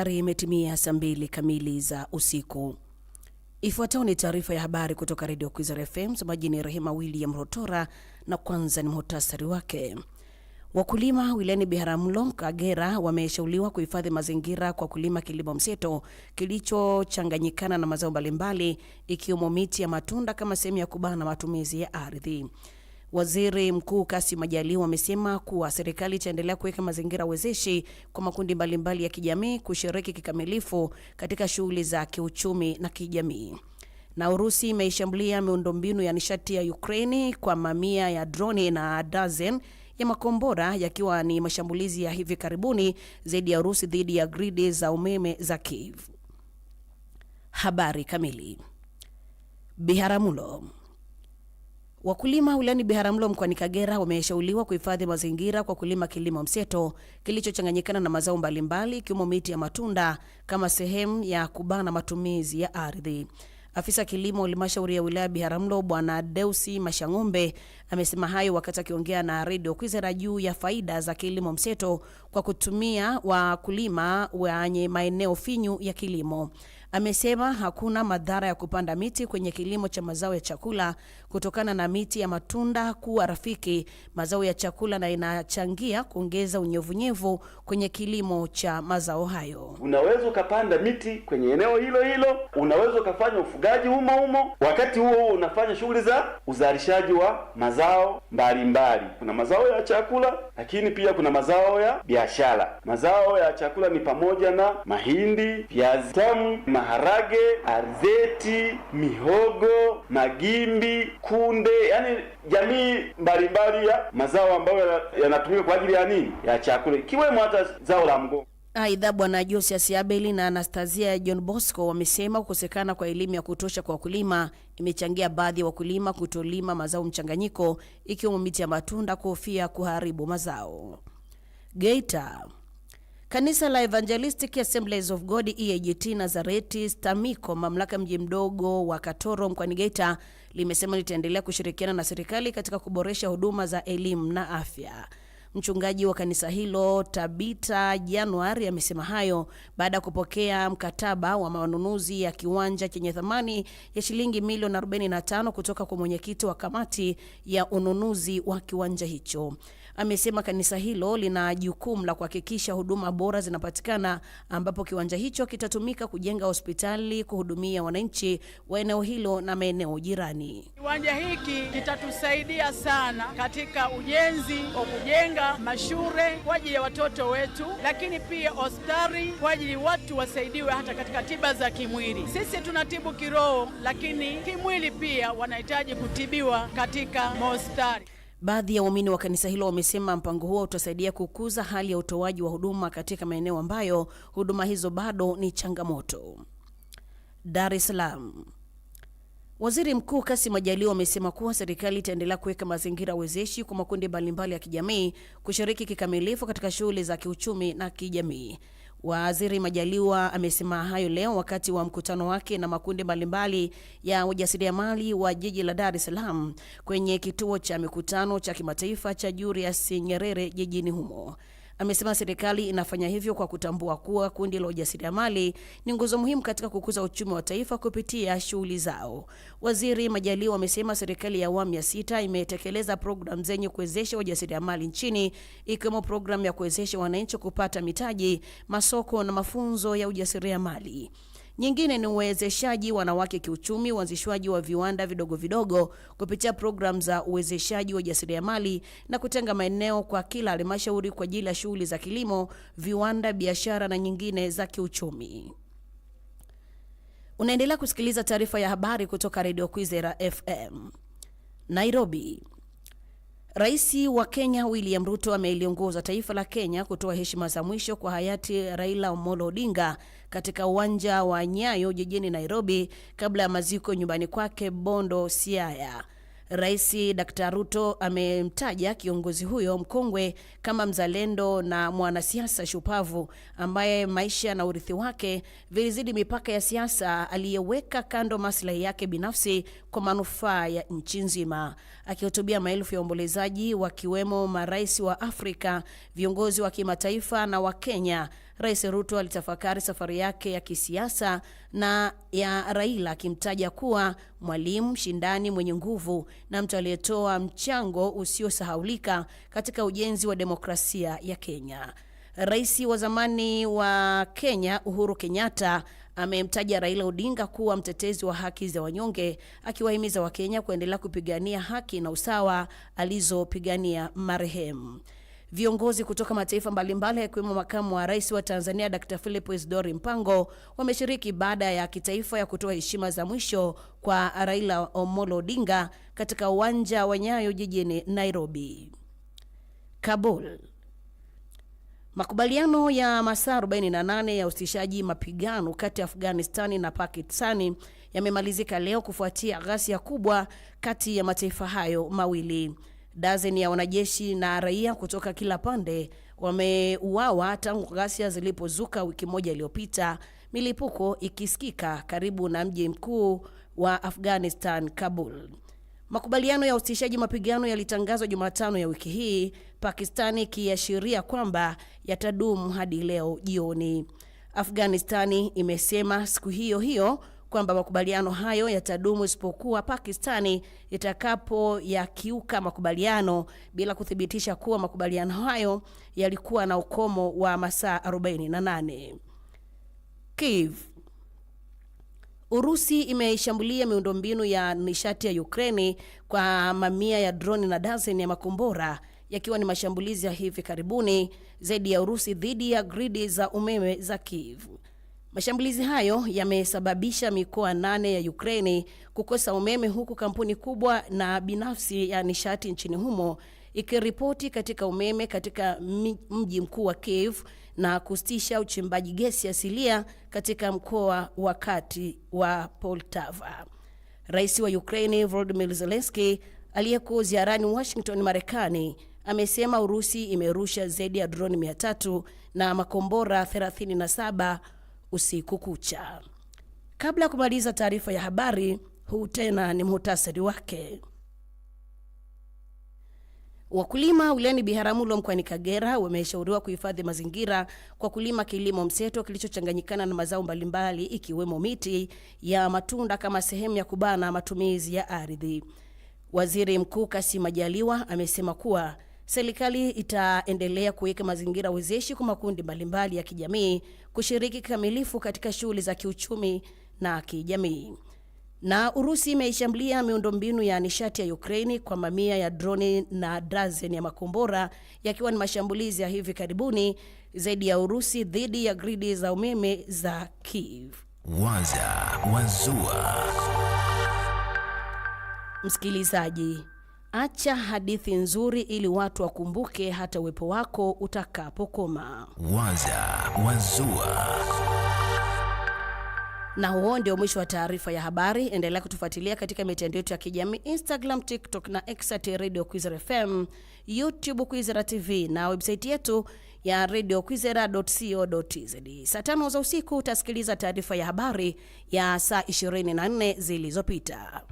Tayari imetimia saa mbili kamili za usiku. Ifuatayo ni taarifa ya habari kutoka Redio Kwizera FM. Msomaji ni Rehema William Rotora na kwanza ni muhtasari wake. Wakulima wilayani Biharamulo, Kagera wameshauriwa kuhifadhi mazingira kwa kulima kilimo mseto kilichochanganyikana na mazao mbalimbali ikiwemo miti ya matunda kama sehemu ya kubana matumizi ya ardhi. Waziri Mkuu Kassim Majaliwa amesema kuwa serikali itaendelea kuweka mazingira wezeshi kwa makundi mbalimbali ya kijamii kushiriki kikamilifu katika shughuli za kiuchumi na kijamii. Na Urusi imeishambulia miundombinu ya nishati ya Ukraini kwa mamia ya droni na dazen ya makombora yakiwa ni mashambulizi ya hivi karibuni zaidi ya Urusi dhidi ya gridi za umeme za Kiev. Habari kamili. Biharamulo Wakulima wilayani Biharamulo mkoani Kagera wameshauriwa kuhifadhi mazingira kwa kulima kilimo mseto kilichochanganyikana na mazao mbalimbali ikiwemo miti ya matunda kama sehemu ya kubana matumizi ya ardhi. Afisa kilimo halmashauri ya wilaya Biharamulo Bwana Deusi Mashang'ombe amesema hayo wakati akiongea na redio Kwizera juu ya faida za kilimo mseto kwa kutumia wakulima wenye maeneo finyu ya kilimo. Amesema hakuna madhara ya kupanda miti kwenye kilimo cha mazao ya chakula kutokana na miti ya matunda kuwa rafiki mazao ya chakula na inachangia kuongeza unyevunyevu kwenye kilimo cha mazao hayo. Unaweza ukapanda miti kwenye eneo hilo hilo, unaweza ukafanya ufugaji humo humo, wakati huo huo unafanya shughuli za uzalishaji wa mazao mbalimbali. Kuna mazao ya chakula, lakini pia kuna mazao ya biashara. Mazao ya chakula ni pamoja na mahindi, viazi tamu maharage, arzeti, mihogo, magimbi, kunde, yani jamii mbalimbali ya mazao ambayo yanatumika kwa ajili ya nini, ya chakula, ikiwemo hata zao la mgongo. Aidha, Bwana Josias Abeli na Anastasia John Bosco wamesema kukosekana kwa elimu ya kutosha kwa wakulima imechangia baadhi ya wakulima kutolima mazao mchanganyiko ikiwemo miti ya matunda kuhofia kuharibu mazao. Geita Kanisa la Evangelistic Assemblies of God EAGT Nazareti Stamiko, mamlaka mji mdogo wa Katoro mkoani Geita, limesema litaendelea kushirikiana na serikali katika kuboresha huduma za elimu na afya. Mchungaji wa kanisa hilo Tabita Januari amesema hayo baada ya kupokea mkataba wa manunuzi ya kiwanja chenye thamani ya shilingi milioni 45 kutoka kwa mwenyekiti wa kamati ya ununuzi wa kiwanja hicho amesema kanisa hilo lina jukumu la kuhakikisha huduma bora zinapatikana, ambapo kiwanja hicho kitatumika kujenga hospitali kuhudumia wananchi wa eneo hilo na maeneo jirani. Kiwanja hiki kitatusaidia sana katika ujenzi wa kujenga mashule kwa ajili ya watoto wetu, lakini pia hospitali kwa ajili watu wasaidiwe hata katika tiba za kimwili. Sisi tunatibu kiroho, lakini kimwili pia wanahitaji kutibiwa katika hospitali. Baadhi ya waumini wa kanisa hilo wamesema mpango huo utasaidia kukuza hali ya utoaji wa huduma katika maeneo ambayo huduma hizo bado ni changamoto. Dar es Salaam. Waziri Mkuu Kassim Majaliwa amesema kuwa serikali itaendelea kuweka mazingira wezeshi kwa makundi mbalimbali ya kijamii kushiriki kikamilifu katika shughuli za kiuchumi na kijamii. Waziri Majaliwa amesema hayo leo wakati wa mkutano wake na makundi mbalimbali ya wajasiriamali wa jiji la Dar es Salaam kwenye kituo cha mikutano cha kimataifa cha Julius Nyerere jijini humo. Amesema serikali inafanya hivyo kwa kutambua kuwa kundi la ujasiriamali ni nguzo muhimu katika kukuza uchumi wa taifa kupitia shughuli zao. Waziri Majaliwa amesema serikali ya awamu ya sita imetekeleza programu zenye kuwezesha wajasiriamali nchini ikiwemo programu ya kuwezesha wananchi kupata mitaji, masoko na mafunzo ya ujasiriamali. Nyingine ni uwezeshaji wanawake kiuchumi, uanzishwaji wa viwanda vidogo vidogo kupitia programu za uwezeshaji wa ujasiriamali na kutenga maeneo kwa kila halmashauri kwa ajili ya shughuli za kilimo, viwanda, biashara na nyingine za kiuchumi. Unaendelea kusikiliza taarifa ya habari kutoka Radio Kwizera FM Nairobi. Rais wa Kenya William Ruto ameliongoza taifa la Kenya kutoa heshima za mwisho kwa hayati Raila Amolo Odinga katika uwanja wa Nyayo jijini Nairobi kabla ya maziko nyumbani kwake Bondo, Siaya. Rais Dr. Ruto amemtaja kiongozi huyo mkongwe kama mzalendo na mwanasiasa shupavu ambaye maisha na urithi wake vilizidi mipaka ya siasa, aliyeweka kando maslahi yake binafsi kwa manufaa ya nchi nzima. Akihutubia maelfu ya waombolezaji wakiwemo marais wa Afrika, viongozi wa kimataifa na wa Kenya Rais Ruto alitafakari safari yake ya kisiasa na ya Raila akimtaja kuwa mwalimu shindani mwenye nguvu na mtu aliyetoa mchango usiosahaulika katika ujenzi wa demokrasia ya Kenya. Rais wa zamani wa Kenya Uhuru Kenyatta amemtaja Raila Odinga kuwa mtetezi wa haki za wanyonge, akiwahimiza Wakenya kuendelea kupigania haki na usawa alizopigania marehemu. Viongozi kutoka mataifa mbalimbali yakiwemo makamu wa rais wa Tanzania Dr. Philip Isdori Mpango wameshiriki baada ya kitaifa ya kutoa heshima za mwisho kwa Raila Omolo Odinga katika uwanja wa Nyayo jijini Nairobi. Kabul. Makubaliano ya masaa 48 ya usitishaji mapigano kati ya Afghanistani na Pakistani yamemalizika leo kufuatia ghasia kubwa kati ya mataifa hayo mawili. Dazeni ya wanajeshi na raia kutoka kila pande wameuawa tangu ghasia zilipozuka wiki moja iliyopita, milipuko ikisikika karibu na mji mkuu wa Afghanistan, Kabul. Makubaliano ya usitishaji mapigano yalitangazwa Jumatano ya wiki hii, Pakistani ikiashiria kwamba yatadumu hadi leo jioni. Afghanistani imesema siku hiyo hiyo kwamba makubaliano hayo yatadumu isipokuwa Pakistani itakapoyakiuka makubaliano bila kuthibitisha kuwa makubaliano hayo yalikuwa na ukomo wa masaa 48. Kiev. Urusi imeishambulia miundombinu ya nishati ya Ukraine kwa mamia ya droni na dazeni ya makombora yakiwa ni mashambulizi ya hivi karibuni zaidi ya Urusi dhidi ya gridi za umeme za Kiev. Mashambulizi hayo yamesababisha mikoa nane ya Ukraini kukosa umeme huku kampuni kubwa na binafsi ya nishati nchini humo ikiripoti katika umeme katika mji mkuu wa Kiev na kusitisha uchimbaji gesi asilia katika mkoa wa kati wa Poltava. Rais wa Ukraini Volodymyr Zelensky aliyekuwa ziarani Washington, Marekani amesema Urusi imerusha zaidi ya droni 300 na makombora 37 usiku kucha. Kabla ya kumaliza taarifa ya habari, huu tena ni muhtasari wake. Wakulima wilayani Biharamulo mkoani Kagera wameshauriwa kuhifadhi mazingira kwa kulima kilimo mseto kilichochanganyikana na mazao mbalimbali ikiwemo miti ya matunda kama sehemu ya kubana matumizi ya ardhi. Waziri Mkuu Kassim Majaliwa amesema kuwa serikali itaendelea kuweka mazingira wezeshi kwa makundi mbalimbali ya kijamii kushiriki kikamilifu katika shughuli za kiuchumi na kijamii. Na Urusi imeishambulia miundombinu ya nishati ya Ukraini kwa mamia ya droni na dazen ya makombora yakiwa ni mashambulizi ya hivi karibuni zaidi ya Urusi dhidi ya gridi za umeme za Kiev. Waza Wazua, msikilizaji Acha hadithi nzuri ili watu wakumbuke hata uwepo wako utakapokoma. Waza Wazua. Na huo ndio mwisho wa taarifa ya habari. Endelea kutufuatilia katika mitandao yetu ya kijamii Instagram, TikTok na X at Radio Kwizera FM, YouTube Kwizera TV na website yetu ya Radio Saa tano za usiku utasikiliza taarifa ya habari ya saa 24 zilizopita.